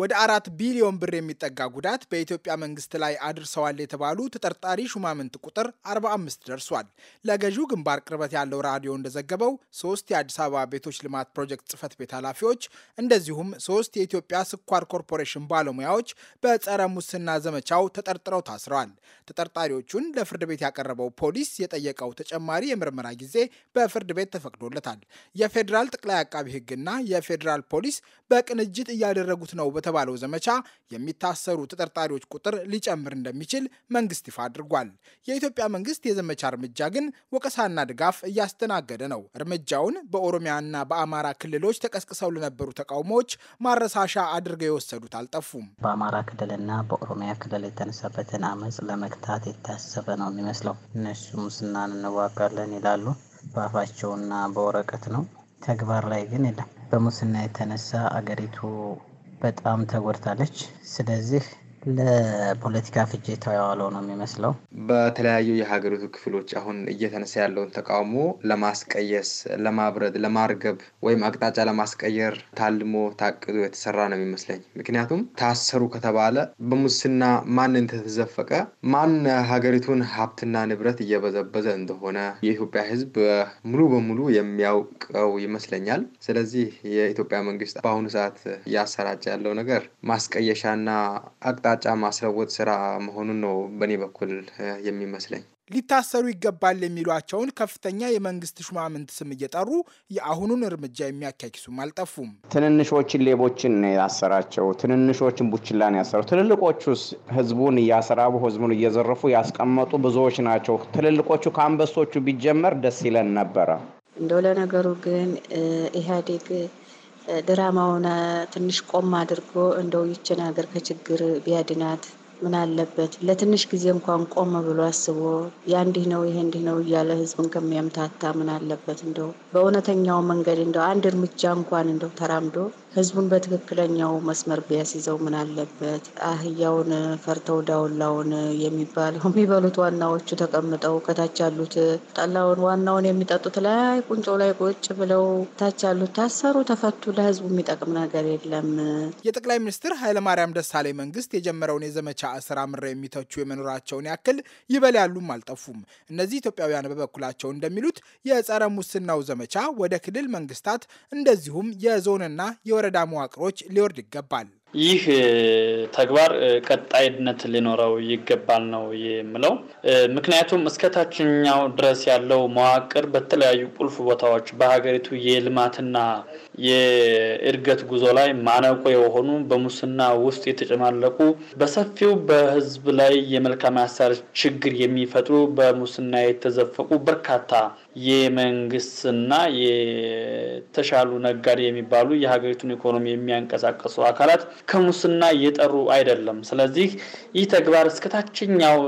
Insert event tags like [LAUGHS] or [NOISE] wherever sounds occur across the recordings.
ወደ አራት ቢሊዮን ብር የሚጠጋ ጉዳት በኢትዮጵያ መንግስት ላይ አድርሰዋል የተባሉ ተጠርጣሪ ሹማምንት ቁጥር 45 ደርሷል። ለገዢው ግንባር ቅርበት ያለው ራዲዮ እንደዘገበው ሶስት የአዲስ አበባ ቤቶች ልማት ፕሮጀክት ጽህፈት ቤት ኃላፊዎች እንደዚሁም ሶስት የኢትዮጵያ ስኳር ኮርፖሬሽን ባለሙያዎች በጸረ ሙስና ዘመቻው ተጠርጥረው ታስረዋል። ተጠርጣሪዎቹን ለፍርድ ቤት ያቀረበው ፖሊስ የጠየቀው ተጨማሪ የምርመራ ጊዜ በፍርድ ቤት ተፈቅዶለታል። የፌዴራል ጠቅላይ አቃቢ ህግና የፌዴራል ፖሊስ በቅንጅት እያደረጉት ነው በተባለው ዘመቻ የሚታሰሩ ተጠርጣሪዎች ቁጥር ሊጨምር እንደሚችል መንግስት ይፋ አድርጓል። የኢትዮጵያ መንግስት የዘመቻ እርምጃ ግን ወቀሳና ድጋፍ እያስተናገደ ነው። እርምጃውን በኦሮሚያና በአማራ ክልሎች ተቀስቅሰው ለነበሩ ተቃውሞዎች ማረሳሻ አድርገው የወሰዱት አልጠፉም። በአማራ ክልልና በኦሮሚያ ክልል የተነሳበትን አመፅ ለመግታት የታሰበ ነው የሚመስለው። እነሱ ሙስናን እንዋጋለን ይላሉ በአፋቸውና በወረቀት ነው፣ ተግባር ላይ ግን የለም። በሙስና የተነሳ አገሪቱ በጣም ተጎድታለች። ስለዚህ ለፖለቲካ ፍጆታ የዋለው ነው የሚመስለው። በተለያዩ የሀገሪቱ ክፍሎች አሁን እየተነሳ ያለውን ተቃውሞ ለማስቀየስ፣ ለማብረድ፣ ለማርገብ ወይም አቅጣጫ ለማስቀየር ታልሞ ታቅዶ የተሰራ ነው የሚመስለኝ። ምክንያቱም ታሰሩ ከተባለ በሙስና ማን እንደተዘፈቀ ማን ሀገሪቱን ሀብትና ንብረት እየበዘበዘ እንደሆነ የኢትዮጵያ ሕዝብ ሙሉ በሙሉ የሚያውቀው ይመስለኛል። ስለዚህ የኢትዮጵያ መንግስት በአሁኑ ሰዓት እያሰራጨ ያለው ነገር ማስቀየሻና አቅጣ አቅጣጫ ማስለወጥ ስራ መሆኑን ነው በእኔ በኩል የሚመስለኝ። ሊታሰሩ ይገባል የሚሏቸውን ከፍተኛ የመንግስት ሹማምንት ስም እየጠሩ የአሁኑን እርምጃ የሚያካኪሱም አልጠፉም። ትንንሾችን ሌቦችን ያሰራቸው፣ ትንንሾችን ቡችላን ያሰሩ፣ ትልልቆቹስ ህዝቡን እያሰራቡ ህዝቡን እየዘረፉ ያስቀመጡ ብዙዎች ናቸው። ትልልቆቹ ከአንበሶቹ ቢጀመር ደስ ይለን ነበረ። እንደው ለነገሩ ግን ኢህአዴግ ድራማውን ትንሽ ቆም አድርጎ እንደው ይችን ሀገር ከችግር ቢያድናት ምን አለበት? ለትንሽ ጊዜ እንኳን ቆም ብሎ አስቦ ያንዲህ ነው ይሄ እንዲህ ነው እያለ ህዝቡን ከሚያምታታ ምን አለበት? እንደው በእውነተኛው መንገድ እንደው አንድ እርምጃ እንኳን እንደው ተራምዶ ህዝቡን በትክክለኛው መስመር ቢያስይዘው ምን አለበት? አህያውን ፈርተው ዳውላውን የሚባለው [LAUGHS] የሚበሉት ዋናዎቹ ተቀምጠው ከታች ያሉት ጠላውን ዋናውን የሚጠጡት ላይ ቁንጮ ላይ ቁጭ ብለው ታች ያሉት ታሰሩ፣ ተፈቱ። ለህዝቡ የሚጠቅም ነገር የለም። የጠቅላይ ሚኒስትር ኃይለማርያም ደሳለኝ መንግስት የጀመረውን የዘመቻ እስር አምረው የሚተቹ የመኖራቸውን ያክል ይበል ያሉም አልጠፉም። እነዚህ ኢትዮጵያውያን በበኩላቸው እንደሚሉት የጸረ ሙስናው ዘመቻ ወደ ክልል መንግስታት እንደዚሁም የዞንና የወረዳ መዋቅሮች ሊወርድ ይገባል። ይህ ተግባር ቀጣይነት ሊኖረው ይገባል ነው የምለው። ምክንያቱም እስከ ታችኛው ድረስ ያለው መዋቅር በተለያዩ ቁልፍ ቦታዎች በሀገሪቱ የልማትና የእድገት ጉዞ ላይ ማነቆ የሆኑ በሙስና ውስጥ የተጨማለቁ በሰፊው በሕዝብ ላይ የመልካም አሰራር ችግር የሚፈጥሩ በሙስና የተዘፈቁ በርካታ የመንግስትና የተሻሉ ነጋዴ የሚባሉ የሀገሪቱን ኢኮኖሚ የሚያንቀሳቀሱ አካላት ከሙስና እየጠሩ አይደለም። ስለዚህ ይህ ተግባር እስከ ታችኛው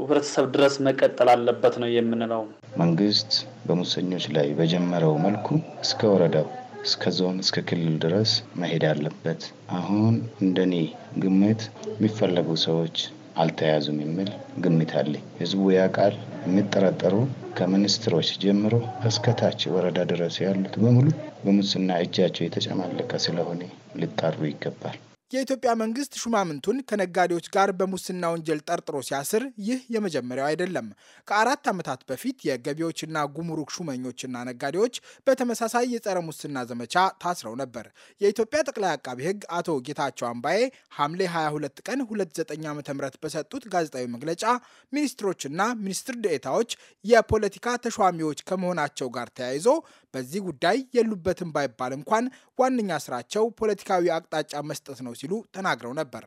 ህብረተሰብ ድረስ መቀጠል አለበት ነው የምንለው። መንግስት በሙሰኞች ላይ በጀመረው መልኩ እስከ ወረዳው እስከ ዞን እስከ ክልል ድረስ መሄድ አለበት። አሁን እንደኔ ግምት የሚፈለጉ ሰዎች አልተያዙም የሚል ግምት አለኝ። ህዝቡ ያውቃል። የሚጠረጠሩ ከሚኒስትሮች ጀምሮ እስከታች ወረዳ ድረስ ያሉት በሙሉ በሙስና እጃቸው የተጨማለቀ ስለሆነ ሊጣሩ ይገባል። የኢትዮጵያ መንግስት ሹማምንቱን ከነጋዴዎች ጋር በሙስና ወንጀል ጠርጥሮ ሲያስር ይህ የመጀመሪያው አይደለም። ከአራት ዓመታት በፊት የገቢዎችና ጉምሩክ ሹመኞችና ነጋዴዎች በተመሳሳይ የጸረ ሙስና ዘመቻ ታስረው ነበር። የኢትዮጵያ ጠቅላይ አቃቢ ሕግ አቶ ጌታቸው አምባዬ ሐምሌ 22 ቀን 29 ዓ ም በሰጡት ጋዜጣዊ መግለጫ ሚኒስትሮችና ሚኒስትር ድኤታዎች የፖለቲካ ተሿሚዎች ከመሆናቸው ጋር ተያይዞ በዚህ ጉዳይ የሉበትም ባይባል እንኳን ዋነኛ ስራቸው ፖለቲካዊ አቅጣጫ መስጠት ነው ሲሉ ተናግረው ነበር።